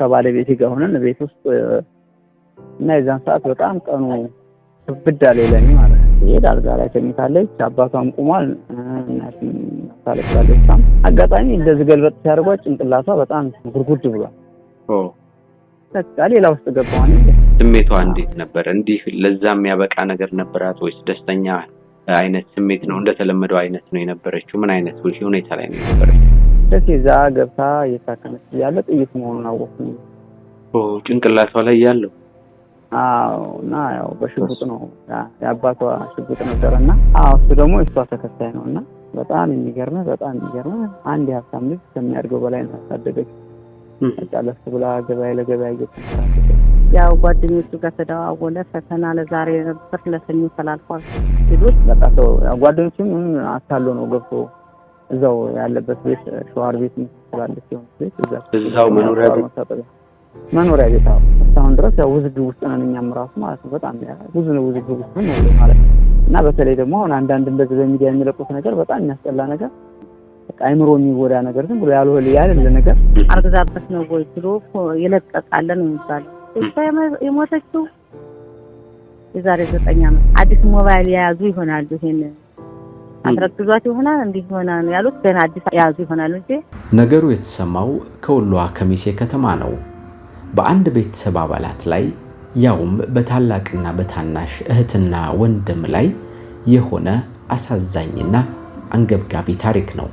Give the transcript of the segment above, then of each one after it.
ከባለቤት ጋር ሆነን ቤት ውስጥ እና የዛን ሰዓት በጣም ቀኑ ብዳ አለኝ ማለት ነው። ይሄድ አልጋ ላይ ተኝታለች። አባቷም ቁሟል። እናትም ታለቅሳለች። አጋጣሚ እንደዚህ ገልበጥ ሲያደርጓት ጭንቅላቷ በጣም ጉርጉድ ብሏል። በቃ ሌላ ውስጥ ገባዋል። ስሜቷ እንዴት ነበር? እንዲህ ለዛ የሚያበቃ ነገር ነበራት ወይስ ደስተኛ አይነት ስሜት ነው? እንደተለመደው አይነት ነው የነበረችው? ምን አይነት ሁኔታ ላይ ነው የነበረችው? ስትደርስ ገብታ እየታከመች እያለ ጥይት መሆኑን አወኩኝ። ጭንቅላቷ ላይ ያለው አዎ። እና ያው በሽጉጥ ነው የአባቷ ሽጉጥ ነበረ እና እሱ ደግሞ እሷ ተከታይ ነው። እና በጣም የሚገርመ በጣም የሚገርመ አንድ የሀብታም ልጅ ከሚያድገው በላይ ነው ያሳደገች። በቃ ለሱ ብላ ገበያ ለገበያ እየተንከራተተች ያው ጓደኞቹ ጋር ተደዋወለ። ፈተና ለዛሬ ነበር ለሰኞ ተላልፏል ሲሉት በቃ ሰው ጓደኞቹም አታሎ ነው ገብቶ እዛው ያለበት ቤት ሸዋር ቤት ስላለች የሆነ ቤት እዛው መኖሪያ ቤት መኖሪያ ቤት እስካሁን ድረስ ያው ውዝግብ ውስጥ ነን እኛም ራሱ ማለት ነው። በጣም ብዙ ውዝግብ ውስጥ ነው ማለት ነው። እና በተለይ ደግሞ አሁን አንዳንድ እንደዚህ በሚዲያ የሚለቁት ነገር በጣም የሚያስጠላ ነገር አይምሮ የሚወዳ ነገር ዝም ብሎ ያልሆል ያለለ ነገር አርግዛበት ነው ወይ ብሎ የለቀቃለ ነው የሚባለው። የሞተችው የዛሬ ዘጠኝ ዓመት አዲስ ሞባይል የያዙ ይሆናሉ ይሄን አስረግዟት ይሆናል እንዲህ ይሆናል ያሉት ገና አዲስ የያዙ ይሆናል እንጂ ነገሩ የተሰማው ከወሎዋ ከሚሴ ከተማ ነው። በአንድ ቤተሰብ አባላት ላይ ያውም በታላቅና በታናሽ እህትና ወንድም ላይ የሆነ አሳዛኝና አንገብጋቢ ታሪክ ነው።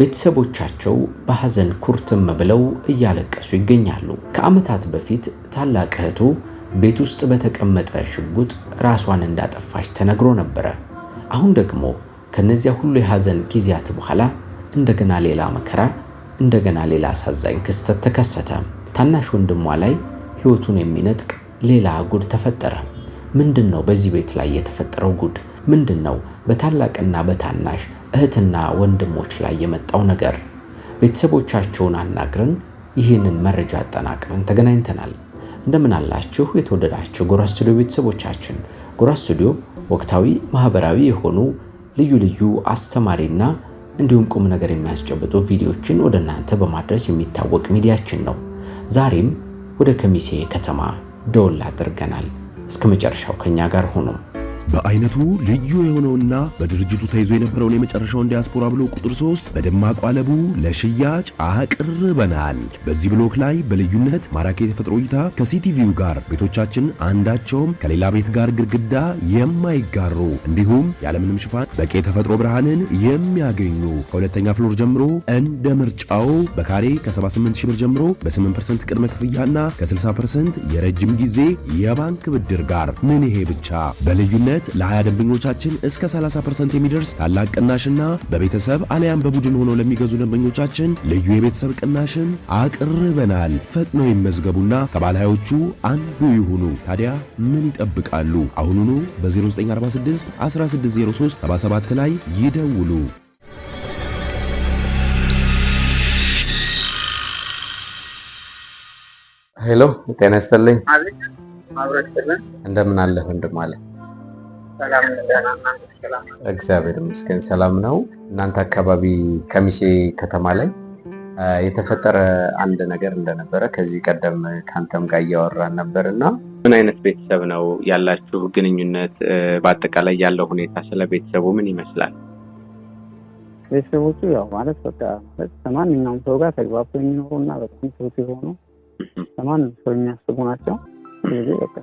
ቤተሰቦቻቸው በሐዘን ኩርትም ብለው እያለቀሱ ይገኛሉ። ከዓመታት በፊት ታላቅ እህቱ ቤት ውስጥ በተቀመጠ ሽጉጥ ራሷን እንዳጠፋች ተነግሮ ነበረ። አሁን ደግሞ ከነዚያ ሁሉ የሐዘን ጊዜያት በኋላ እንደገና ሌላ መከራ፣ እንደገና ሌላ አሳዛኝ ክስተት ተከሰተ። ታናሽ ወንድሟ ላይ ሕይወቱን የሚነጥቅ ሌላ ጉድ ተፈጠረ። ምንድን ነው በዚህ ቤት ላይ የተፈጠረው ጉድ? ምንድን ነው በታላቅና በታናሽ እህትና ወንድሞች ላይ የመጣው ነገር? ቤተሰቦቻቸውን አናግረን ይህንን መረጃ አጠናቅረን ተገናኝተናል። እንደምን አላችሁ የተወደዳችሁ ጎራ ስቱዲዮ ቤተሰቦቻችን። ጎራ ስቱዲዮ ወቅታዊ፣ ማህበራዊ የሆኑ ልዩ ልዩ አስተማሪና እንዲሁም ቁም ነገር የሚያስጨብጡ ቪዲዮዎችን ወደ እናንተ በማድረስ የሚታወቅ ሚዲያችን ነው። ዛሬም ወደ ከሚሴ ከተማ ደወል አድርገናል። እስከ መጨረሻው ከኛ ጋር ሆኖም በአይነቱ ልዩ የሆነውና በድርጅቱ ተይዞ የነበረውን የመጨረሻውን ዲያስፖራ ብሎክ ቁጥር 3 በደማቅ አለቡ ለሽያጭ አቅርበናል። በዚህ ብሎክ ላይ በልዩነት ማራኪ የተፈጥሮ እይታ ከሲቲቪው ጋር ቤቶቻችን አንዳቸውም ከሌላ ቤት ጋር ግድግዳ የማይጋሩ እንዲሁም ያለምንም ሽፋን በቂ የተፈጥሮ ብርሃንን የሚያገኙ ከሁለተኛ ፍሎር ጀምሮ እንደ ምርጫው በካሬ ከ78000 ብር ጀምሮ በ8% ቅድመ ክፍያና ከ60% የረጅም ጊዜ የባንክ ብድር ጋር ምን ይሄ ብቻ በልዩነት በማለት ለ20 ደንበኞቻችን እስከ 30% የሚደርስ ታላቅ ቅናሽና በቤተሰብ አለያም በቡድን ሆነው ለሚገዙ ደንበኞቻችን ልዩ የቤተሰብ ቅናሽን አቅርበናል። ፈጥነው ይመዝገቡና ከባለሃዮቹ አንዱ ይሁኑ። ታዲያ ምን ይጠብቃሉ? አሁኑኑ በ0946 1603 77 ላይ ይደውሉ። ሄሎ፣ ጤና ይስጥልኝ። እንደምን አለህ ወንድም አለ እግዚአብሔር ይመስገን ሰላም ነው። እናንተ አካባቢ ከሚሴ ከተማ ላይ የተፈጠረ አንድ ነገር እንደነበረ ከዚህ ቀደም ከአንተም ጋር እያወራን ነበር እና ምን አይነት ቤተሰብ ነው ያላችሁ ግንኙነት? በአጠቃላይ ያለው ሁኔታ ስለ ቤተሰቡ ምን ይመስላል? ቤተሰቦቹ ያው ማለት በቃ ከማንኛውም ሰው ጋር ተግባብቶ የሚኖሩ እና በጣም ሰው የሆኑ ከማንም ሰው የሚያስቡ ናቸው። ስለዚህ በቃ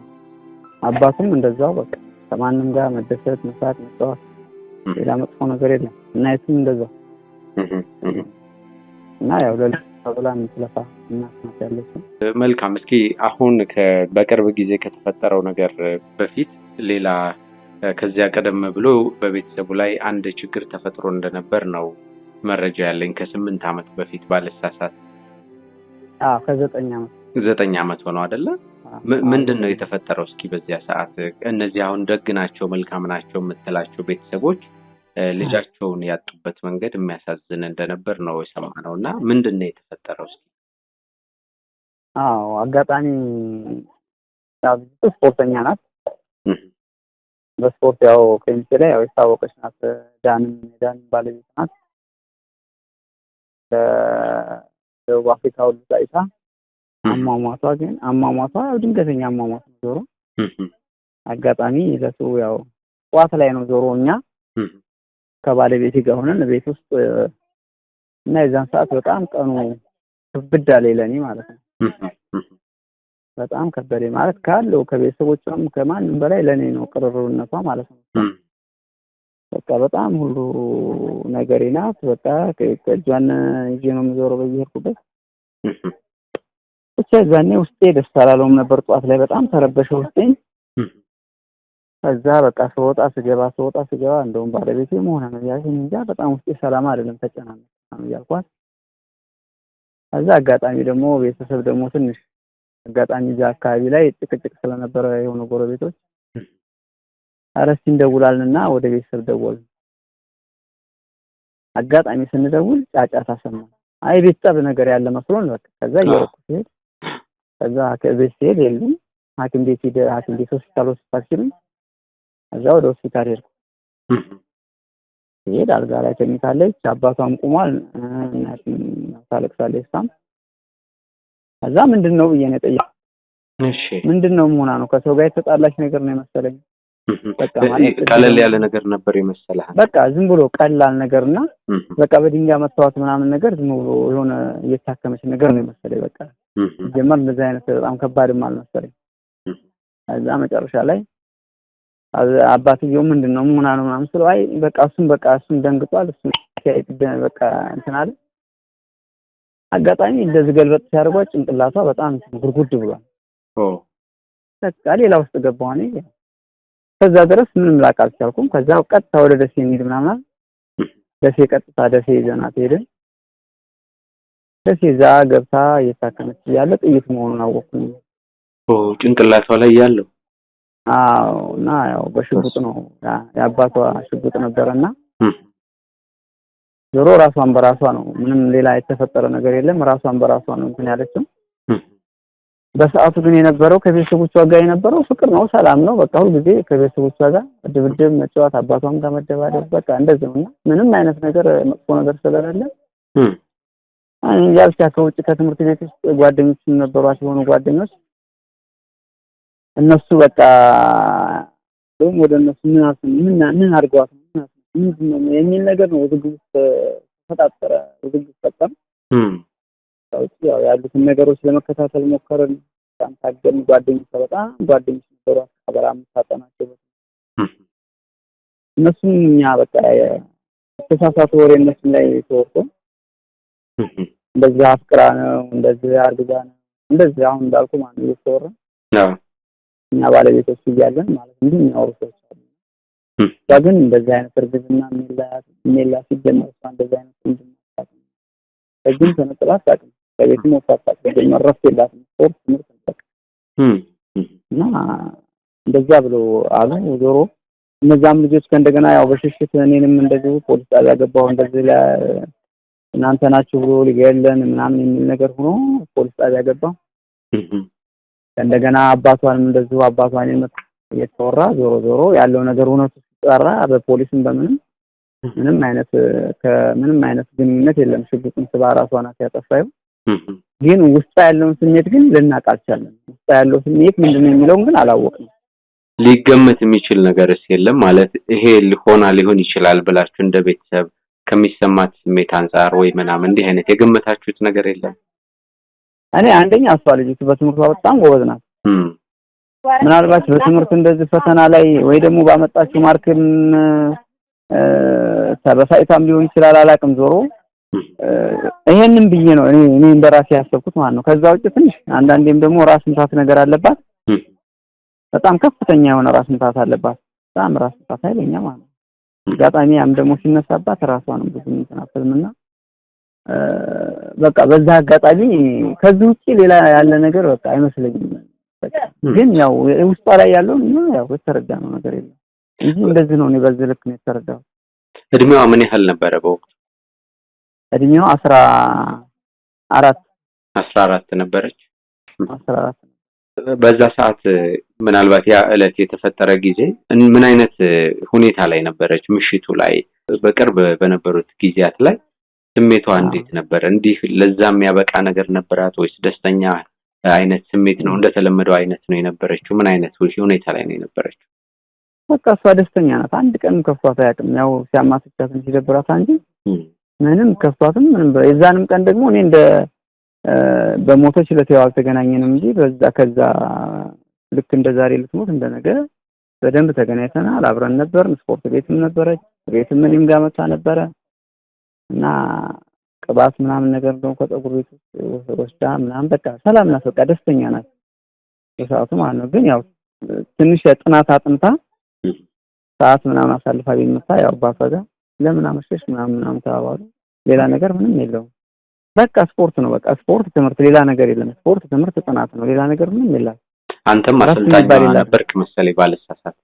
አባቱም እንደዛው በቃ ከማንም ጋር መደሰት፣ መስራት፣ መጫወት ሌላ መጥፎ ነገር የለም እና የሱም እንደዛ እና ያው ለብላ የምትለፋ እናት ያለች መልካም። እስኪ አሁን በቅርብ ጊዜ ከተፈጠረው ነገር በፊት ሌላ ከዚያ ቀደም ብሎ በቤተሰቡ ላይ አንድ ችግር ተፈጥሮ እንደነበር ነው መረጃ ያለኝ። ከስምንት ዓመት በፊት ባለሳሳት ከዘጠኝ ዓመት ዘጠኝ ዓመት ሆነው አደለም ምንድን ነው የተፈጠረው? እስኪ በዚያ ሰዓት እነዚህ አሁን ደግ ናቸው መልካም ናቸው የምትላቸው ቤተሰቦች ልጃቸውን ያጡበት መንገድ የሚያሳዝን እንደነበር ነው የሰማነው እና ምንድን ነው የተፈጠረው? እስኪ አዎ አጋጣሚ ስፖርተኛ ናት። በስፖርት ያው ኬሚሴ ላይ ያው የታወቀች ናት። ዳንም ዳን ባለቤት ናት። ደቡብ አፍሪካ ሁሉ ታይታ አሟሟቷ ግን አሟሟቷ ያው ድንገተኛ አሟሟት ነው። ዞሮ አጋጣሚ ለሱ ያው ጠዋት ላይ ነው። ዞሮ እኛ ከባለቤት ጋር ሆነን ቤት ውስጥ እና የዛን ሰዓት በጣም ቀኑ ክብድ ሌለኔ ማለት ነው። በጣም ከበደኝ ማለት ካለው ከቤተሰቦቿም ከማንም በላይ ለእኔ ነው ቅርርነቷ ማለት ነው። በቃ በጣም ሁሉ ነገሬ ናት። በቃ ከእጇን ይዤ ነው የምዞረው በየሄድኩበት ብቻ የዛኔ ውስጤ ደስ አላለውም ነበር። ጠዋት ላይ በጣም ተረበሸ ውስጤን። ከዛ በቃ ስወጣ ስገባ ስወጣ ስገባ እንደውም ባለቤቴ መሆን ነው ያልሽኝ እንጃ በጣም ውስጤ ሰላም አይደለም ተጨናነቅ ነው እያልኳት ከዛ አጋጣሚ ደግሞ ቤተሰብ ደግሞ ትንሽ አጋጣሚ እዛ አካባቢ ላይ ጭቅጭቅ ስለነበረ የሆኑ ጎረቤቶች አረስቲ እንደውላልንና ወደ ቤተሰብ ደወል። አጋጣሚ ስንደውል ጫጫታ ሰማን። አይ ቤተሰብ ነገር ያለ መስሎን በቃ ከዛ እየሮጥኩ ስሄድ ከዛ ከቤት ሲሄድ የሉም። ሀኪም ቤት ሄደ ሀኪም ቤት ሆስፒታል ሆስፒታል ሲሉ እዛ ወደ ሆስፒታል ሄድኩ። ሲሄድ አልጋ ላይ ተኝታለች። አባቷም ቁሟል። ታለቅሳለች። እሷም ከዛ ምንድን ነው ብዬ ነው የጠየኩት። ምንድን ነው መሆና ነው ከሰው ጋር የተጣላች ነገር ነው የመሰለኝ። ቀለል ያለ ነገር ነበር የመሰለህ? በቃ ዝም ብሎ ቀላል ነገር እና በቃ በድንጋ መታወት ምናምን ነገር ዝም ብሎ የሆነ እየታከመች ነገር ነው የመሰለኝ በቃ ጀመር እንደዚህ አይነት በጣም ከባድም አልመሰለኝ። እዛ መጨረሻ ላይ አባትየው ምንድን ነው ምን አለ ምናምን ስለው አይ በቃ እሱም በቃ እሱም ደንግጧል። እሱም በቃ እንትን አለ። አጋጣሚ እንደዚህ ገልበጥ ሲያደርጓት ጭንቅላቷ በጣም ጉርጉድ ብሏል። በቃ ሌላ ውስጥ ገባሁ እኔ። ከዛ ድረስ ምንም ላቅ አልቻልኩም። ከዛ ቀጥታ ወደ ደሴ እንሂድ ምናምን ደሴ ቀጥታ ደሴ ይዘናት ሄድን። ደስ ገብታ እየታከመች ያለ ጥይት መሆኑን አወቅኩኝ። ጭንቅላቷ ላይ ያለው አዎ። እና ያው በሽጉጥ ነው የአባቷ ሽጉጥ ነበረና ዞሮ ራሷን በራሷ ነው። ምንም ሌላ የተፈጠረ ነገር የለም። ራሷን በራሷ ነው እንትን ያለችው። በሰዓቱ ግን የነበረው ከቤተሰቦቿ ጋር የነበረው ፍቅር ነው፣ ሰላም ነው። በቃ ሁልጊዜ ከቤተሰቦቿ ጋር ድብድብ፣ መጫወት፣ አባቷም ጋር መደባደብ፣ በቃ እንደዚህ ነው እና ምንም አይነት ነገር መጥፎ ነገር ስለሌለ ያ ብቻ ከውጭ ከትምህርት ቤት ውስጥ ጓደኞች ነበሯት፣ የሆኑ ጓደኞች እነሱ በቃ እንደውም ወደ እነሱ ምን አስ ምን ምን አድርገዋት ምንድን ነው የሚል ነገር ነው ውዝግብ ውስጥ ተፈጣጠረ። ውዝግብ ፈጠም ያው ያሉትን ነገሮች ለመከታተል ሞከርን። በጣም ታገል ጓደኞች በጣም ጓደኞች ነበሯት፣ ከበራ የምታጠናቸው እነሱም እኛ በቃ የተሳሳተ ወሬ እነሱም ላይ ተወርቶ እንደዚህ አፍቅራ ነው እንደዚህ አርግዛ ነው እንደዚህ አሁን እንዳልኩ ማን ነው እየተወራ እኛ ባለቤቶች እያለን ማለት እንዲህ የሚያወሩ ሰዎች አሉ። እሷ ግን እንደዚህ አይነት እርግዝና ሜላ ሲጀመር እሷ እንደዚህ አይነት እንድናሳት ከዚህም ተነጥላ አታውቅም። ከቤትም ወጥታ አታውቅም። ጀመር ረፍት የላትም። ስፖርት፣ ትምህርት ንጠቅ እና እንደዛ ብሎ አሉ። ዞሮ እነዛም ልጆች ከእንደገና ያው በሽሽት እኔንም እንደዚሁ ፖሊስ ጣቢያ ገባሁ እንደዚህ እናንተ ናችሁ ብሎ ሊገለን ምናምን የሚል ነገር ሆኖ ፖሊስ ጣቢያ ገባ። እንደገና አባቷንም እንደዚሁ አባቷን እየተወራ ዞሮ ዞሮ ያለው ነገር እውነቱ ሲጠራ በፖሊስም በምንም ምንም አይነት ከምንም አይነት ግንኙነት የለም። ሽጉጥን ስባ ራሷ ናት ያጠፋዩ። ግን ውስጣ ያለውን ስሜት ግን ልናውቅ አልቻለም። ያለው ስሜት ምንድነው የሚለውን ግን አላወቅንም። ሊገመት የሚችል ነገርስ የለም ማለት ይሄ ሆና ሊሆን ይችላል ብላችሁ እንደ ቤተሰብ ከሚሰማት ስሜት አንጻር ወይ ምናምን እንዲህ አይነት የገመታችሁት ነገር የለም? እኔ አንደኛ እሷ ልጅቱ በትምህርቷ በጣም ጎበዝ ናት። ምናልባት በትምህርት እንደዚህ ፈተና ላይ ወይ ደግሞ ባመጣችው ማርክም ተበሳይታም ሊሆን ይችላል፣ አላውቅም። ዞሮ ይሄንን ብዬ ነው እኔ እኔ እንደራሴ ያሰብኩት ማለት ነው። ከዛ ውጭ ትንሽ አንዳንዴም ደግሞ ራስ ምታት ነገር አለባት። በጣም ከፍተኛ የሆነ ራስ ምታት አለባት። በጣም ራስ ምታት አይለኛ ማለት ነው። አጋጣሚ ያም ደግሞ ሲነሳባት ራሷንም ብዙ እንትናፈዝም በቃ በዛ አጋጣሚ ከዚህ ውጪ ሌላ ያለ ነገር በቃ አይመስለኝም። ግን ያው ውስጧ ላይ ያለው ያው የተረዳ ነው ነገር የለም እንጂ እንደዚህ ነው። እኔ በዚህ ልክ ነው የተረዳው። እድሜዋ ምን ያህል ነበረ በወቅቱ? እድሜዋ አስራ አራት አስራ አራት ነበረች። አስራ አራት በዛ ሰዓት ምናልባት ያ እለት የተፈጠረ ጊዜ ምን አይነት ሁኔታ ላይ ነበረች? ምሽቱ ላይ በቅርብ በነበሩት ጊዜያት ላይ ስሜቷ እንዴት ነበረ እንዲህ ለዛ የሚያበቃ ነገር ነበራት ወይስ ደስተኛ አይነት ስሜት ነው እንደተለመደው አይነት ነው የነበረችው? ምን አይነት ሁኔታ ላይ ነው የነበረችው? በቃ እሷ ደስተኛ ናት። አንድ ቀንም ከፍቷት አያውቅም። ያው ሲያማስቻትም ሲደብራት እንጂ ምንም ከፍቷትም ምንም የዛንም ቀን ደግሞ እኔ እንደ በሞተች ዕለት ያው አልተገናኘንም እንጂ በዛ ከዛ ልክ እንደ ዛሬ ልትሞት እንደ ነገ በደንብ ተገናኝተናል። አብረን ነበርን። ስፖርት ቤትም ነበረች። ቤትም እኔም ጋር መታ ነበረ እና ቅባት ምናምን ነገር ደግሞ ከፀጉር ቤት ወስዳ ምናምን በቃ ሰላም ናት። በቃ ደስተኛ ናት በሰዓቱ ማለት ነው። ግን ያው ትንሽ ጥናት አጥንታ ሰዓት ምናምን አሳልፋ ቤት ያው ባፈጋ ለምን አመሸሽ ምናምን ምናምን ተባባሉ። ሌላ ነገር ምንም የለውም። በቃ ስፖርት ነው። በቃ ስፖርት ትምህርት፣ ሌላ ነገር የለም። ስፖርት ትምህርት፣ ጥናት ነው። ሌላ ነገር ምንም የለም። አንተም አሰልጣኝ ነበርክ መሰለኝ ባለሳሳት።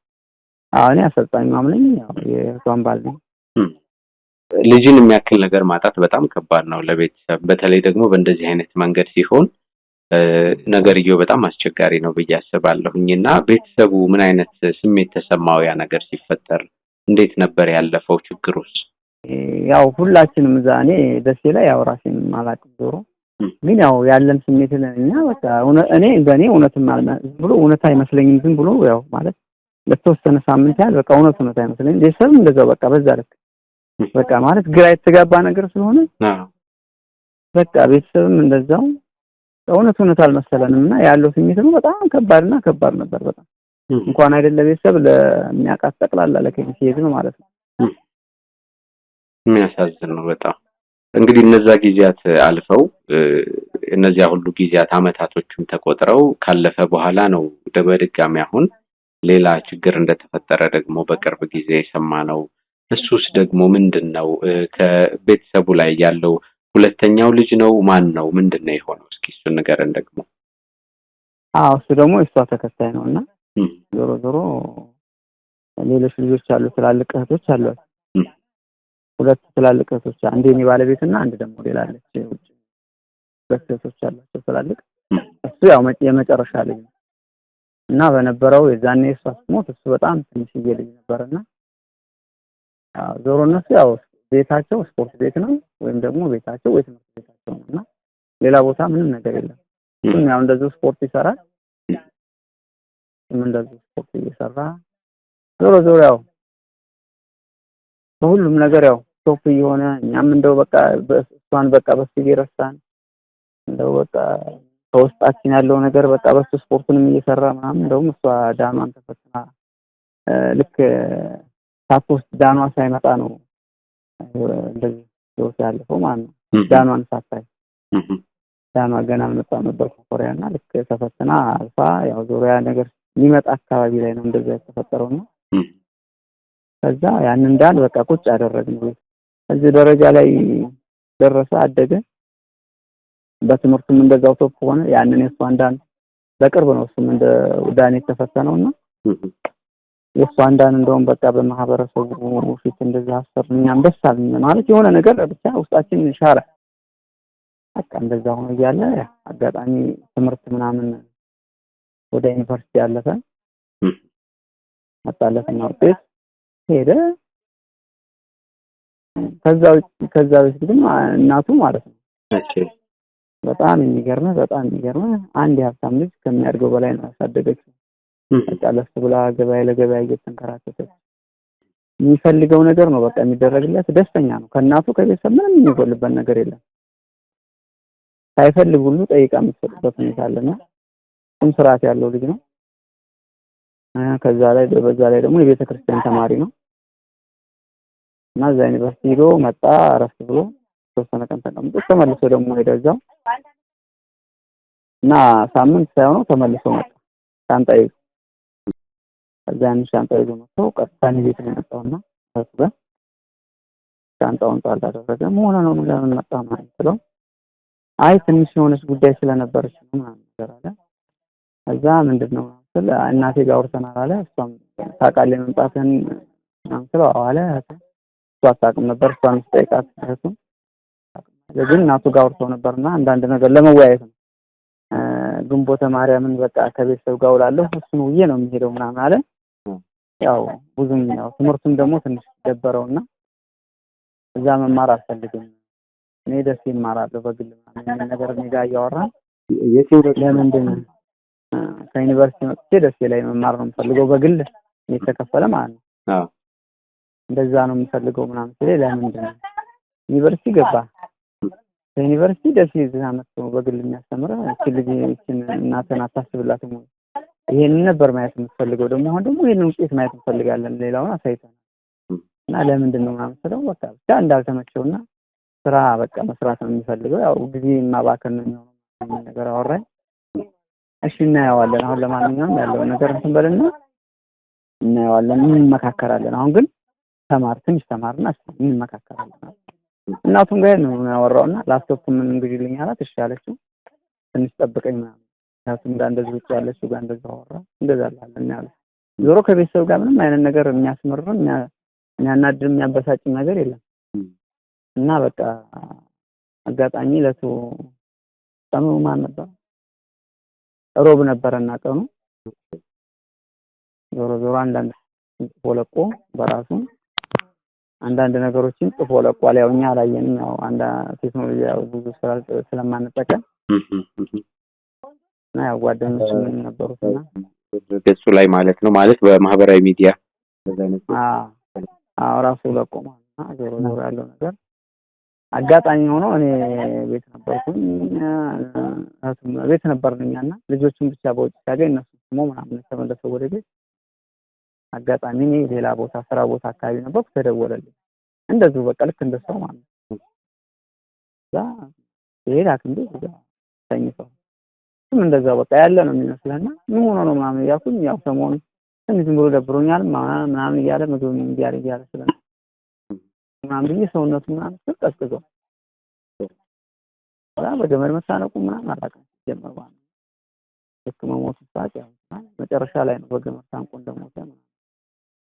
አዎ እኔ አሰልጣኝ ማምለኝ የቷን ባል ነው። ልጅን የሚያክል ነገር ማጣት በጣም ከባድ ነው ለቤተሰብ፣ በተለይ ደግሞ በእንደዚህ አይነት መንገድ ሲሆን ነገርየው በጣም አስቸጋሪ ነው ብዬ አስባለሁኝ። እና ቤተሰቡ ምን አይነት ስሜት ተሰማው? ያ ነገር ሲፈጠር እንዴት ነበር ያለፈው ችግር ውስጥ ያው ሁላችንም እዛ እኔ ደሴ ላይ ያው ራሴን አላውቅም ዞሮ ግን ያው ያለን ስሜት ለኛ በቃ እኔ እንደኔ እውነትም ዝም ብሎ እውነት አይመስለኝም። ዝም ብሎ ያው ማለት ለተወሰነ ሳምንት ያህል በቃ እውነት እውነት አይመስለኝም። ቤተሰብም እንደዛው በቃ በዛ ልክ በቃ ማለት ግራ የተጋባ ነገር ስለሆነ በቃ ቤተሰብም እንደዛው እውነት እውነት አልመሰለንም እና ያለው ስሜት ነው በጣም ከባድና ከባድ ነበር። በጣም እንኳን አይደለ ቤተሰብ ለሚያውቃት ጠቅላላ ለከሚስ ነው ማለት ነው የሚያሳዝን ነው በጣም እንግዲህ እነዛ ጊዜያት አልፈው እነዚያ ሁሉ ጊዜያት አመታቶችም ተቆጥረው ካለፈ በኋላ ነው በድጋሚ አሁን ሌላ ችግር እንደተፈጠረ ደግሞ በቅርብ ጊዜ ነው። እሱስ ደግሞ ምንድን ነው? ከቤተሰቡ ላይ ያለው ሁለተኛው ልጅ ነው ማን ነው? ምንድን ነው የሆነው? እስኪ እሱን ንገረን ደግሞ። አዎ እሱ ደግሞ እሷ ተከታይ ነው እና ዞሮ ዞሮ ሌሎች ልጆች አሉ፣ ትላልቅ እህቶች አሏት ሁለት ትላልቅ እህቶች አንድ የኔ ባለቤት እና አንድ ደግሞ ሌላ አለች ውጭ ሁለት እህቶች አላቸው ትላልቅ። እሱ ያው የመጨረሻ ልጅ ነው እና በነበረው የዛኔ እሷ ስትሞት እሱ በጣም ትንሽዬ ልጅ ነበርና ዞሮ እነሱ ያው ቤታቸው ስፖርት ቤት ነው ወይም ደግሞ ቤታቸው ወይ ትምህርት ቤታቸው ነው እና ሌላ ቦታ ምንም ነገር የለም። ግን ያው እንደዚሁ ስፖርት ይሰራል። ምን እንደዚሁ ስፖርት እየሰራ ዞሮ ዞሮ ያው በሁሉም ነገር ያው ቶፕ እየሆነ እኛም እንደው በቃ እሷን በቃ በሱ እየረሳን እንደው በቃ ከውስጣችን ያለው ነገር በቃ በሱ ስፖርቱንም እየሰራ ምናምን እንደውም እሷ ዳኗን ተፈትና ልክ ታፕ ውስጥ ዳኗ ሳይመጣ ነው እንደዚህ ህይወት ያለፈው ማለት ነው። ዳኗን ሳታይ ዳኗ ገና አልመጣም ነበር ኮሪያ እና ልክ ተፈትና አልፋ ያው ዙሪያ ነገር ሊመጣ አካባቢ ላይ ነው እንደዛ የተፈጠረው ነው። ከዛ ያን እንዳል በቃ ቁጭ አደረግነው። እዚህ ደረጃ ላይ ደረሰ፣ አደገ። በትምህርቱም እንደዛው ቶፕ ሆነ። ያንን የእሱ አንዳንድ በቅርብ ነው እሱም እንደ ዳኔ ተፈተነውና የሱ አንዳንድ እንደውም በቃ በማህበረሰቡ ፊት እንደዛ አሰር እኛም ደስ አለኝ ማለት የሆነ ነገር ብቻ ውስጣችን ሻረ። በቃ እንደዛ ሆኖ እያለ አጋጣሚ ትምህርት ምናምን ወደ ዩኒቨርሲቲ ያለፈ መጣለትና ውጤት ሄደ። ከዛ በፊት ግን እናቱ ማለት ነው። በጣም የሚገርመ በጣም የሚገርመ አንድ የሀብታም ልጅ ከሚያድገው በላይ ነው ያሳደገች። በቃ ለሱ ብላ ገበያ ለገበያ እየተንከራተተች የሚፈልገው ነገር ነው በቃ የሚደረግለት። ደስተኛ ነው። ከእናቱ ከቤተሰብ ምንም የሚጎልበት ነገር የለም። ሳይፈልግ ሁሉ ጠይቃ የምትሰጥበት ሁኔታ አለና ቁም ስርዓት ያለው ልጅ ነው። ከዛ ላይ በዛ ላይ ደግሞ የቤተ ክርስቲያን ተማሪ ነው። እና እዛ ዩኒቨርሲቲ ሄዶ መጣ እረፍት ብሎ የተወሰነ ቀን ተቀምጦ ተመልሶ ደግሞ ሄደ እዛው እና ሳምንት ሳይሆነው ተመልሶ መጣ ሻንጣ ይዞ ከዛ ያን ሻንጣ ይዞ መጥቶ ቀጥታ እኔ ቤት ነው የመጣውና ተስበን ሻንጣውን ጣል አደረገ። መሆነ ነው ምን ለምን መጣ ማለት ስለው አይ ትንሽ የሆነች ጉዳይ ስለነበረች ነው ምናምን ነገር አለ። ከዛ ምንድን ነው ስል እናቴ ጋር አውርተናል አለ። እሷም ታውቃለህ መምጣትህን ምናምን ስለው አዎ እሷ አታውቅም ነበር። እሷን ስጠይቃት እህቱ ግን እናቱ ጋር አውርተው ነበርና አንዳንድ ነገር ለመወያየት ነው። ግንቦተ ማርያምን በቃ ከቤተሰብ ጋር ውላለሁ እሱን ውዬ ነው የሚሄደው ምናምን አለ። ያው ብዙም ያው ትምህርቱም ደግሞ ትንሽ ደበረውና እዛ መማር አልፈልግም እኔ ደስ ይማራለሁ በግል ምናምን ነገር እኔ ጋር ለምንድን ከዩኒቨርሲቲ መጥቼ ደሴ ላይ መማር ነው የምፈልገው በግል የተከፈለ ማለት ነው። እንደዛ ነው የምፈልገው ምናምን ስለ ለምንድን ነው ዩኒቨርሲቲ ገባ። ዩኒቨርሲቲ ደስ ይዝና መጥቶ በግል የሚያስተምር እቺ ልጅ እቺን እናትን አታስብላትም ነበር ማየት የምትፈልገው። ደግሞ አሁን ደግሞ ይሄንን ውጤት ማየት እንፈልጋለን። ሌላውን አሳይተናል እና ለምንድን ነው ምናምን ስለው በቃ ብቻ እንዳልተመቸውና ስራ በቃ መስራት ነው የሚፈልገው። ያው ጊዜ ማባከን ነው የሚሆነው ነገር አወራኝ። እሺ እናየዋለን። አሁን ለማንኛውም ያለውን ነገር እንትን በልና እናየዋለን፣ እንመካከራለን። አሁን ግን ተማር ትንሽ ተማርና እንመካከራለን። እናቱም ጋር ነው ያወራው እና ላፕቶፕ ምን እንግዲልኝ አላት። እሺ አለችው። ትንሽ ጠብቀኝ ምናምን እናቱም ጋር እንደዚህ ውጭ ያለችው ጋር እንደዛ አወራ። እንደዛ አላለ እና ያለ ዞሮ ከቤተሰብ ጋር ምንም አይነት ነገር የሚያስመርም የሚያናድር የሚያበሳጭም ነገር የለም እና በቃ አጋጣሚ ለቱ ቀኑ ማን ነበር? ሮብ ነበረ እና ቀኑ ዞሮ ዞሮ አንዳንድ ወለቆ በራሱ አንዳንድ ነገሮችን ጽፎ ለቋል። ያው እኛ አላየንም። ያው አንድ ቴክኖሎጂ ያው ብዙ ስራ ስለማንጠቀም እና ያው ጓደኞች ምን ነበሩት እና ገጹ ላይ ማለት ነው ማለት በማህበራዊ ሚዲያ አዎ ራሱ ለቆ ማለት ነው። ዞሮ ዞሮ ያለው ነገር አጋጣሚ ሆኖ እኔ ቤት ነበርኩኝ ቤት ነበርን እኛ እና ልጆቹን ብቻ በውጭ ሲያገኝ እነሱ ስሞ ምናምን ተመለሰው ወደ ቤት አጋጣሚ እኔ ሌላ ቦታ ስራ ቦታ አካባቢ ነበርኩ። ተደወለልኝ እንደዚሁ በቃ ልክ እንደሰው ማለት ነው። እዛ ይሄድ አክንዱ እዛ ተኝተው እሱም እንደዛው በቃ ያለ ነው የሚመስለና ምን ሆኖ ነው ምናምን እያልኩኝ ያው ሰሞኑ ትንሽ ዝም ብሎ ደብሮኛል ምናምን እያለ ምግብ እንዲያል እያለ ስለ ምናምን ብዬ ሰውነቱ ምናምን ስል ቀዝቅዘው እዛ በገመድ መሳነቁ ምናምን አላውቅም ጀመር ማለት ነው። ልክ መሞቱ ሰዓት ያው መጨረሻ ላይ ነው በገመድ ታንቆ እንደሞተ ምናምን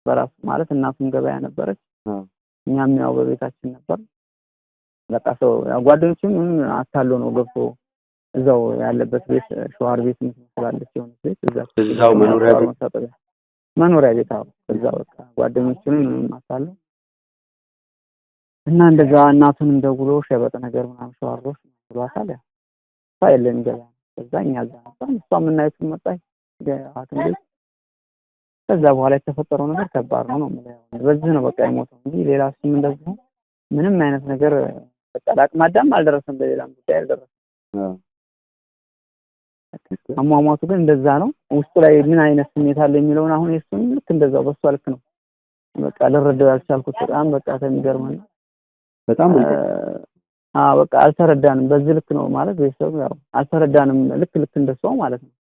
በራሱ ማለት እናቱም ገበያ ነበረች፣ እኛም ያው በቤታችን ነበር። በቃ ሰው ያው ጓደኞችም አታሎ ነው ገብቶ እዛው ያለበት ቤት ሸዋር ቤት የምትመስላለች የሆነች ቤት እዛ እዛው መኖሪያ ቤት መኖሪያ ቤት አው እዛው በቃ ጓደኞችንም አታሎ እና እንደዛ እናቱንም ደውሎ ሸበጥ ነገር ምናምን ሸዋር ሮስ ብሏታል። ያው እሷ የለም ገበያ ነው። እዛ እኛ እዛ ነበር እሷ የምናየቱን መጣች አትን ቤት ከዛ በኋላ የተፈጠረው ነገር ከባድ ነው ነው በዚህ ነው በቃ የሞተው እንጂ ሌላ እሱም እንደዚሁ ምንም አይነት ነገር በቃ ለአቅመ አዳም አልደረሰም፣ በሌላም ጉዳይ አልደረሰም። አሟሟቱ ግን እንደዛ ነው። ውስጡ ላይ ምን አይነት ስሜት አለ የሚለውን አሁን የሱን ልክ እንደዛው በሷ ልክ ነው በቃ ልረዳው ያልቻልኩት በጣም በቃ ነው በጣም በቃ አልተረዳንም። በዚህ ልክ ነው ማለት ቤተሰብ ያው አልተረዳንም። ልክ ልክ እንደሷ ማለት ነው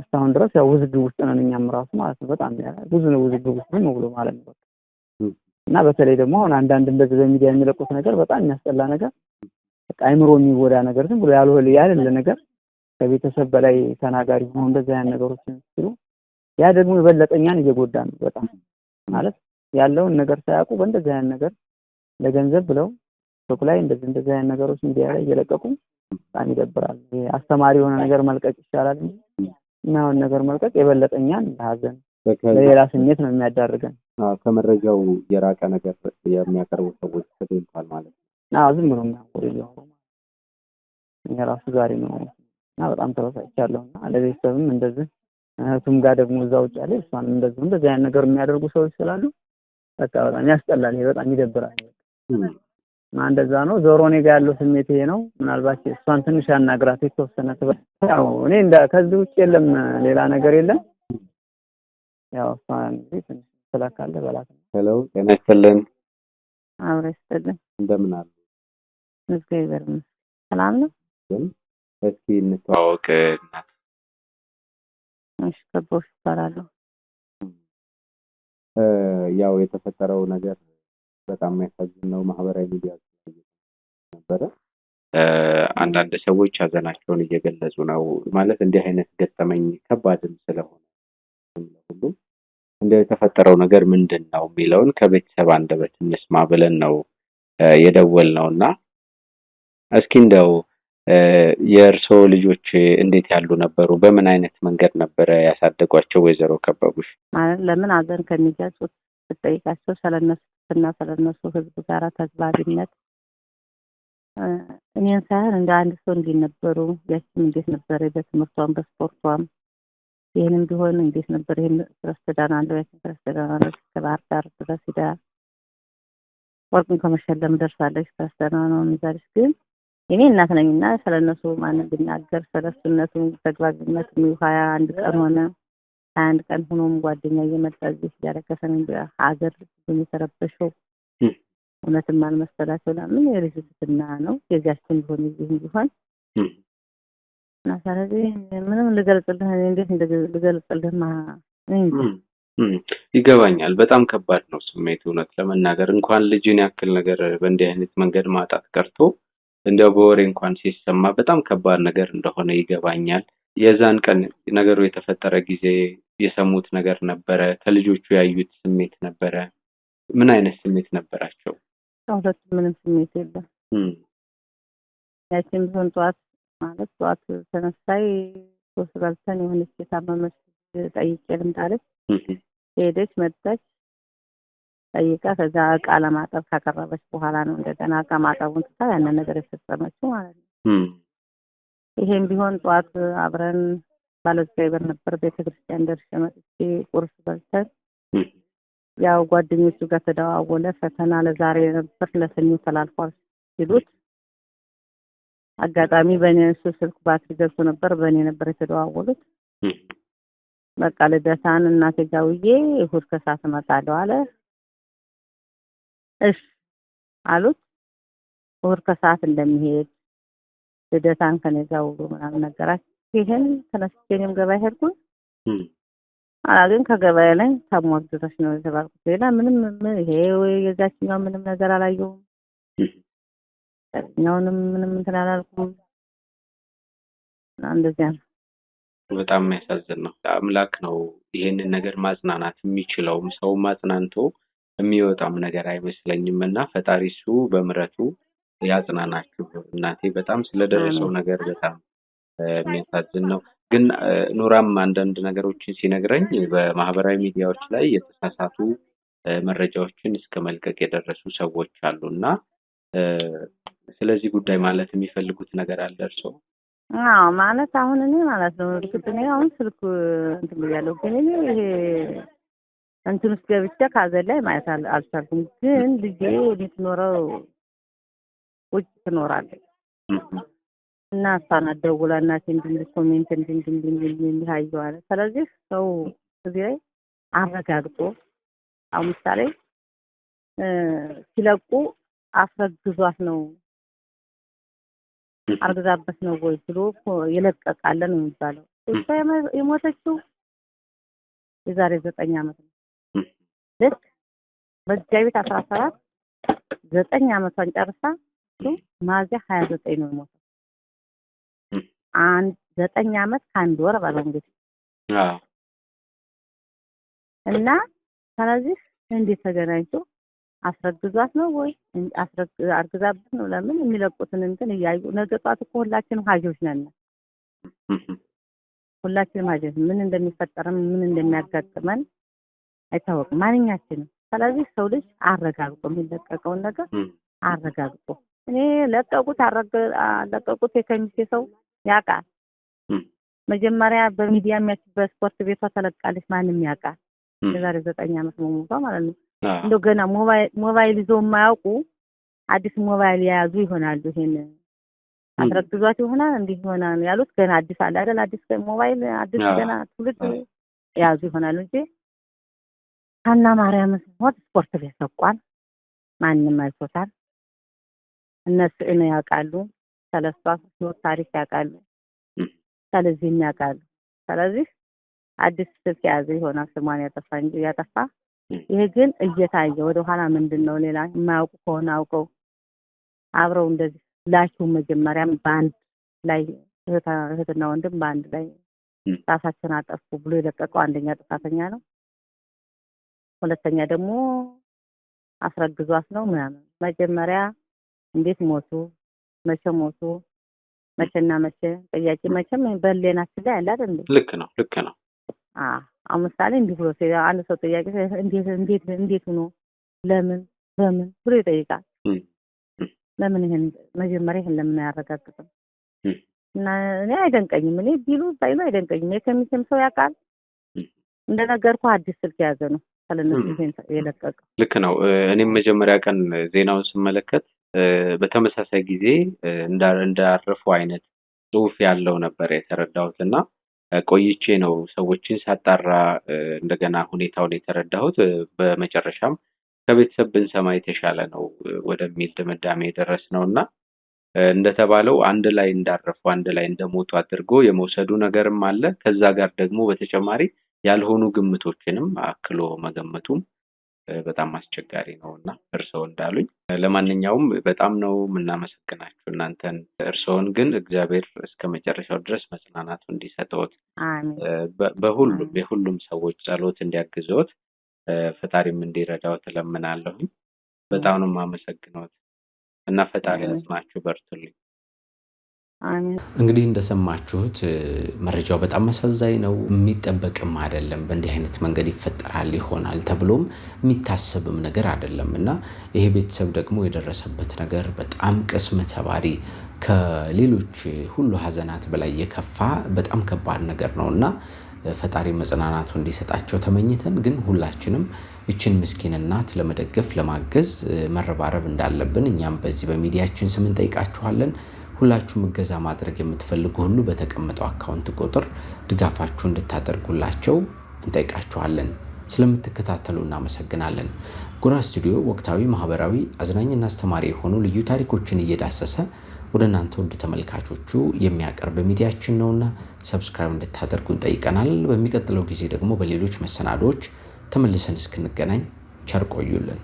እስካሁን ድረስ ያው ውዝግብ ውስጥ ነን እኛም ራሱ ማለት ነው። በጣም ብዙ ነው ውዝግብ ውስጥ ነው ብሎ ማለት ነው እና በተለይ ደግሞ አሁን አንዳንድ እንደዚህ በሚዲያ የሚለቁት ነገር በጣም የሚያስጠላ ነገር፣ አይምሮ የሚወዳ ነገር፣ ዝም ብሎ ያልሆል ያለለ ነገር ከቤተሰብ በላይ ተናጋሪ ሆኖ እንደዚህ አይነት ነገሮች ሲሉ ያ ደግሞ የበለጠኛን እየጎዳ ነው በጣም ማለት ያለውን ነገር ሳያውቁ በእንደዚህ አይነት ነገር ለገንዘብ ብለው ቶክ ላይ እንደዚህ እንደዚህ አይነት ነገሮች ሚዲያ ላይ እየለቀቁ በጣም ይደብራል። አስተማሪ የሆነ ነገር መልቀቅ ይቻላል እንጂ የማይሆን ነገር መልቀቅ የበለጠኛን ለሀዘን ለሌላ ስሜት ነው የሚያዳርገን። ከመረጃው የራቀ ነገር የሚያቀርቡ ሰዎች ተገኝቷል ማለት ነው። ዝም ብሎ የሚያወሩ እያወሩ እኛ ራሱ ዛሬ ነው እና በጣም ተበሳጭቻለሁ። እና ለቤተሰብም እንደዚህ እህቱም ጋር ደግሞ እዛ ውጭ ያለ እሷን እንደዚህ እንደዚህ አይነት ነገር የሚያደርጉ ሰዎች ስላሉ በቃ በጣም ያስጠላል። በጣም ይደብራል። እና እንደዛ ነው። ዞሮ እኔ ጋር ያለው ስሜት ይሄ ነው። ምናልባት እሷን ትንሽ ያናግራት የተወሰነ ትበል። ያው እኔ እንደ ከዚህ ውጭ የለም ሌላ ነገር የለም። ያው እሷን ትንሽ ስለካለ በላት። ሄሎ ጤና ይስጥልን። አብረ ይስጥልን። እንደምን አሉ? እግዚአብሔር ይመስገን። ሰላም ነው። እስኪ እንተዋወቅ እናት። እሺ ገቦሽ ይባላለሁ። ያው የተፈጠረው ነገር በጣም የሚያሳዝን ነው። ማህበራዊ ሚዲያ ነበረ። አንዳንድ ሰዎች ሀዘናቸውን እየገለጹ ነው። ማለት እንዲህ አይነት ገጠመኝ ከባድም ስለሆነ ሁሉም እንደ የተፈጠረው ነገር ምንድን ነው የሚለውን ከቤተሰብ አንደበት እንስማ ብለን ነው የደወል ነው እና እስኪ እንደው የእርስዎ ልጆች እንዴት ያሉ ነበሩ? በምን አይነት መንገድ ነበረ ያሳደጓቸው? ወይዘሮ ከበቡሽ ማለት ለምን ሀዘን ከሚገልጹት ስጠይቃቸው ስለነሱ እና ስለነሱ ህዝብ ጋር ተግባቢነት እኔን ሳይሆን እንደ አንድ ሰው እንዴት ነበሩ፣ ያችም እንዴት ነበረ፣ በትምህርቷም በስፖርቷም ይህንም ቢሆን እንዴት ነበር፣ ይህን ስረስ አለው ያችን ስረስ ተዳናለሁ፣ ከባህር ዳር ድረስ ሂዳ ወርቅን ከመሸለም ደርሳለች። ስረስ ነው ሚዛለች። ግን እኔ እናት ነኝና ስለነሱ ማንም ብናገር ስለሱነቱ ተግባቢነት ውሃያ አንድ ቀን ሆነ ሀያ አንድ ቀን ሆኖም ጓደኛ እየመጣ እዚህ እያረከሰን ሀገር የሚተረበሸው እውነትም አልመሰላቸው ምን የልጅትና ነው የዚያችን ቢሆን የዚህም ቢሆን እና ስለዚህ ምንም ልገልጽልህ እንዴት ልገልጽልህ ይገባኛል። በጣም ከባድ ነው ስሜት እውነት ለመናገር እንኳን ልጅን ያክል ነገር በእንዲህ አይነት መንገድ ማጣት ቀርቶ እንዲያው በወሬ እንኳን ሲሰማ በጣም ከባድ ነገር እንደሆነ ይገባኛል። የዛን ቀን ነገሩ የተፈጠረ ጊዜ የሰሙት ነገር ነበረ? ከልጆቹ ያዩት ስሜት ነበረ? ምን አይነት ስሜት ነበራቸው? ሁለቱም ምንም ስሜት የለም። ያችን ቢሆን ጠዋት ማለት ጠዋት ተነሳይ ሶስት በልተን የሆነች የታመመች ጠይቄ ልምጣለች ሄደች መጣች ጠይቃ ከዛ እቃ ለማጠብ ካቀረበች በኋላ ነው እንደገና እቃ ማጠቡን ትታ ያንን ነገር የፈጸመችው ማለት ነው። ይሄም ቢሆን ጠዋት አብረን ባለዝጋይበር ነበር ቤተክርስቲያን ክርስቲያን ደርሼ መጥቼ ቁርስ በልተን ያው ጓደኞቹ ጋር ተደዋወለ። ፈተና ለዛሬ ነበር ለሰኞ ተላልፏል ሲሉት አጋጣሚ በእኔ እሱ ስልክ ባትሪ ገብቶ ነበር፣ በእኔ ነበር የተደዋወሉት። በቃ ልደታን እናቴ ጋር ውዬ እሑድ ከሰዓት እመጣለሁ አለ። እሽ አሉት እሑድ ከሰዓት እንደሚሄድ ልደታን ከኔጋ ውሎ ምናምን ነገራት። ይሄን ተነስቼንም እኔም ገበያ ሄድኩኝ። አላ ግን ከገበያ ላይ ታሟግተሽ ነው የተባልኩት። ሌላ ምንም ይሄ የዛችኛው ምንም ነገር አላየሁም። ዛችኛውንም ምንም እንትን አላልኩም። እንደዚያ ነው። በጣም የሚያሳዝን ነው። አምላክ ነው ይሄንን ነገር ማጽናናት የሚችለውም ሰው ማጽናንቶ የሚወጣም ነገር አይመስለኝም እና ፈጣሪ እሱ በምረቱ ያጽናናችሁ እናቴ። በጣም ስለደረሰው ነገር በጣም የሚያሳዝን ነው። ግን ኑራም አንዳንድ ነገሮችን ሲነግረኝ በማህበራዊ ሚዲያዎች ላይ የተሳሳቱ መረጃዎችን እስከ መልቀቅ የደረሱ ሰዎች አሉ እና ስለዚህ ጉዳይ ማለት የሚፈልጉት ነገር አለ እርስዎ? አዎ ማለት አሁን እኔ ማለት ነው እርግጥ እኔ አሁን ስልኩ እንትን ብያለሁ፣ ግን እኔ ይሄ እንትን ውስጥ ገብቼ ካዘን ላይ ማየት አልቻልኩም። ግን ልጄ ወዴት ኖረው ውጭ ትኖራለች እና እሷ ናት ደውላ እናቴ እንዲህ ኮሜንት እንዲህ እንዲህ እንዲህ እንዲህ ስለዚህ ሰው እዚህ ላይ አረጋግጦ አሁን ምሳሌ ሲለቁ አስረግዟት ነው አርግዛበት ነው ወይ ብሎ የለቀቃለ ነው የሚባለው። እሷ የሞተችው የዛሬ ዘጠኝ ዓመት ነው። ልክ መጋቢት አስራ ሰባት ዘጠኝ ዓመቷን ጨርሳ ማዚያ ሀያ ዘጠኝ ነው የሞተው። አንድ ዘጠኝ አመት ከአንድ ወር በለው እንግዲህ እና ስለዚህ እንዴት ተገናኝቶ አስረግዟት ነው ወይ አርግዛበት ነው ለምን የሚለቁትን እንትን እያዩ ነገ ጧት እኮ ሁላችንም ሀጆች ነን ሁላችንም ሀጆች ምን እንደሚፈጠርም ምን እንደሚያጋጥመን አይታወቅም ማንኛችንም ስለዚህ ሰው ልጅ አረጋግጦ የሚለቀቀውን ነገር አረጋግጦ እኔ ለቀቁት ለቀቁት የከሚሴ ሰው ያውቃል። መጀመሪያ በሚዲያ የሚያች በስፖርት ቤቷ ተለቃለች። ማንም ያውቃል። የዛሬ ዘጠኝ ዓመት መሞቷ ማለት ነው። እንደው ገና ሞባይል ይዘው የማያውቁ አዲስ ሞባይል የያዙ ይሆናሉ። ይሄን አስረግዟት ይሆናል እንዲህ ይሆናል ያሉት ገና አዲስ አለ አይደል? አዲስ ሞባይል አዲስ ገና ትውልድ የያዙ ይሆናሉ እንጂ ሀና ማርያም ሞት ስፖርት ቤት ለቋል። ማንም አይቶታል። እነሱን ያውቃሉ። ስለሷ ህይወት ታሪክ ያውቃሉ። ስለዚህም ያውቃሉ። ስለዚህ አዲስ ስልክ የያዘ ይሆና ስሟን ያጠፋ እንጂ ያጠፋ። ይሄ ግን እየታየ ወደ ኋላ ምንድን ነው ሌላ የማያውቁ ከሆነ አውቀው አብረው እንደዚህ ላኪው መጀመሪያም በአንድ ላይ እህትና ወንድም በአንድ ላይ ራሳቸውን አጠፉ ብሎ የለቀቀው አንደኛ ጥፋተኛ ነው። ሁለተኛ ደግሞ አስረግዟት ነው ምናምን መጀመሪያ እንዴት ሞቱ፣ መቼ ሞቱ፣ መቼና መቼ ጥያቄ መቼም በሌናችን ላይ አለ አይደል? ልክ ነው፣ ልክ ነው። አሁን ምሳሌ እንዲህ ብሎ አንድ ሰው ጥያቄ እንዴት እንዴት እንዴት ሆኖ ለምን በምን ብሎ ይጠይቃል። ለምን ይሄን መጀመሪያ ይሄን ለምን አያረጋግጥም? እና እኔ አይደንቀኝም። እኔ ቢሉ ባይሉ አይደንቀኝም። የከሚሴም ሰው ያውቃል። እንደነገርኩ አዲስ ስልክ የያዘ ነው ከለነሱ ይሄን ልክ ነው። እኔም መጀመሪያ ቀን ዜናውን ስመለከት በተመሳሳይ ጊዜ እንዳረፉ አይነት ጽሁፍ ያለው ነበር የተረዳሁት እና ቆይቼ ነው ሰዎችን ሳጣራ እንደገና ሁኔታውን የተረዳሁት። በመጨረሻም ከቤተሰብ ብንሰማ የተሻለ ነው ወደሚል ድምዳሜ ነው እና እንደተባለው አንድ ላይ እንዳረፉ አንድ ላይ እንደሞቱ አድርጎ የመውሰዱ ነገርም አለ። ከዛ ጋር ደግሞ በተጨማሪ ያልሆኑ ግምቶችንም አክሎ መገመቱም በጣም አስቸጋሪ ነው እና እርስዎ እንዳሉኝ ለማንኛውም በጣም ነው የምናመሰግናችሁ እናንተን። እርስዎን ግን እግዚአብሔር እስከ መጨረሻው ድረስ መጽናናቱ እንዲሰጠዎት በሁሉም የሁሉም ሰዎች ጸሎት እንዲያግዘዎት ፈጣሪም እንዲረዳው ትለምናለሁኝ። በጣም ነው የማመሰግነዎት እና ፈጣሪ ያጽናችሁ፣ በርቱልኝ። እንግዲህ እንደሰማችሁት መረጃው በጣም አሳዛኝ ነው። የሚጠበቅም አይደለም። በእንዲህ አይነት መንገድ ይፈጠራል ይሆናል ተብሎም የሚታሰብም ነገር አይደለም እና ይሄ ቤተሰብ ደግሞ የደረሰበት ነገር በጣም ቅስም ተባሪ ከሌሎች ሁሉ ሀዘናት በላይ የከፋ በጣም ከባድ ነገር ነው እና ፈጣሪ መጽናናቱ እንዲሰጣቸው ተመኝተን ግን ሁላችንም ይችን ምስኪን እናት ለመደገፍ ለማገዝ መረባረብ እንዳለብን እኛም በዚህ በሚዲያችን ስም እንጠይቃችኋለን። ሁላችሁም እገዛ ማድረግ የምትፈልጉ ሁሉ በተቀመጠው አካውንት ቁጥር ድጋፋችሁ እንድታደርጉላቸው እንጠይቃችኋለን። ስለምትከታተሉ እናመሰግናለን። ጎራ ስቱዲዮ ወቅታዊ፣ ማህበራዊ፣ አዝናኝና አስተማሪ የሆኑ ልዩ ታሪኮችን እየዳሰሰ ወደ እናንተ ውድ ተመልካቾቹ የሚያቀርብ ሚዲያችን ነውና ሰብስክራይብ እንድታደርጉን ጠይቀናል። በሚቀጥለው ጊዜ ደግሞ በሌሎች መሰናዶዎች ተመልሰን እስክንገናኝ ቸር ቆዩልን።